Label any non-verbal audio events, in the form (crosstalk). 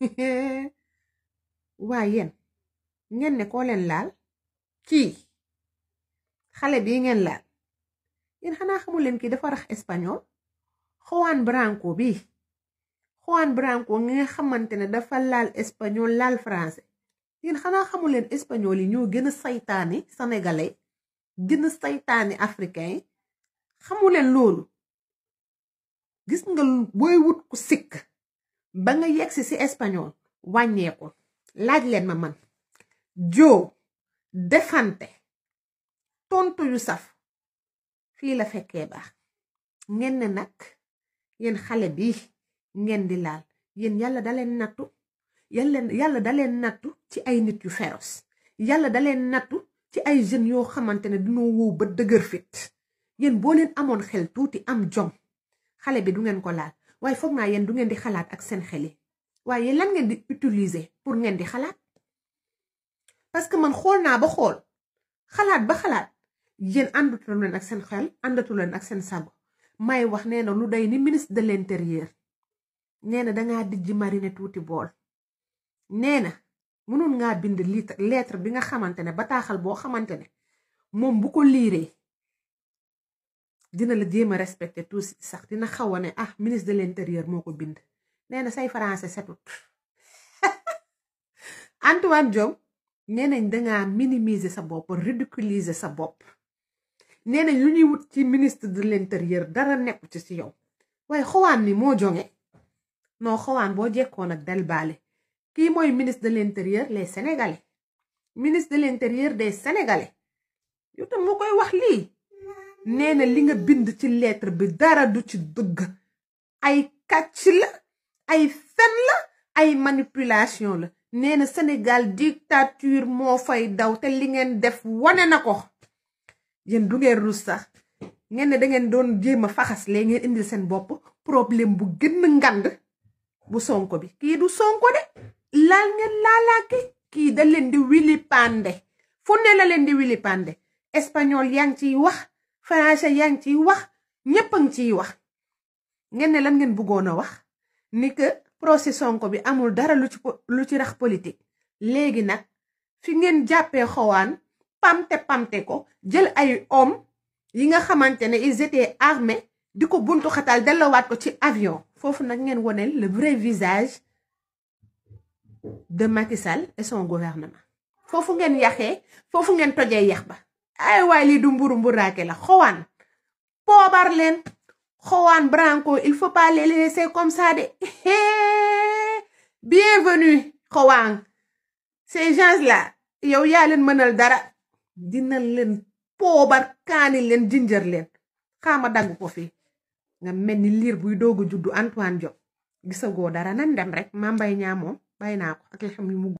(laughs) waa yéen ngeen ne koo leen laal kii xale bii ngeen laal yéen xanaa xamul leen kii dafa rax espagnol Juan Branco bi Juan Branco ngi nga xamante ne dafa laal espagnol laal français yéen xanaa xamul leen espagnol yi ñoo gën a seytaani sénégalais gën a saytaani africain yi xamuleen leen loolu gis nga booy wut ku sikk ba nga yegsi ci espagnol wàññeekul laaj leen ma man joo defante tontu yu saf fii la fekkee baax ngeen ne nag yéen xale bi ngeen di laal yéen yàlla da nattu yàlla yàlla da leen nattu ci ay nit yu féroce yàlla da leen nattu ci ay jeunes yoo xamante ne dunoo wow ba dëgër fit yéen boo leen amoon xel tuuti am jom xale bi du ngeen ko laal waaye foog naa yéen du ngeen di xalaat ak seen xel yi waaye lan ngeen di utiliser pour ngeen di xalaat parce que man xool naa ba xool xalaat ba xalaat yéen àndatu leen ak seen xel àndatu leen ak seen sago may wax nee na lu day ni ministre de l'intérieur nee na dangaa dijji marine tuuti bool nee na mënoon ngaa bind lettre bi nga xamante ne bataaxal boo xamante ne moom bu ko liiree dina la jéem a respecté tout sax dina xaw a ne ah ministre de l'intérieur moo ko bind nee na say français setut (laughs) Antoine joŋ nee nañ dangaa minimiser sa bopp ridiculiser sa bopp nee nañ lu ñuy wut ci ministre de l'intérieur dara nekku ci si yow waaye xawaan ni moo jonge noo xawaan boo jekkoon ak dal kii mooy ministre de l'intérieur les sénégalais ministre de l'intérieur des sénégalais yow tam moo koy wax lii nee li nga bind ci lettre bi dara du ci dëgg ay kàcc la ay fen la ay manipulation la nee na Sénégal dictature moo fay daw te li ngeen def wane na ko yéen du ngeen rus sax ngeen ne da doon jéem a faxas lee ngeen indi seen bopp problème bu gën ngand bu sonko bi kii du sonko de laal ngeen laalaake kii da leen di wili pande fu la leen di wili espagnol yaa ngi ciy wax français yaa ngi ciy wax ñëpp a ngi ciy wax ngeen ne lan ngeen bëggoon a wax ni que procès Sonko bi amul dara lu ci lu ci rax politique léegi nag fi ngeen jàppee xawaan pamte pamte ko jël ay homme yi nga xamante ne ils étaient di ko buntu xataal delloowaat ko ci avion foofu nag ngeen woneel le vrai visage de Macky Sall et son gouvernement foofu ngeen yaxee foofu ngeen tojee yax ba ay waay lii du mburu mburaake la xowaan poobar leen xowaan branco il faut pas les laisser comme ça de (laughs) bienvenue xowaan ces gens là yow yaa leen mënal dara dinañ leen poobar kaani leen jinjër leen xaama dagg ko fii nga mel ni liir buy doog a juddu Antoine Diop gisagoo dara nan dem rek maa mbay ñaa moom bàyyi naa ko ak mu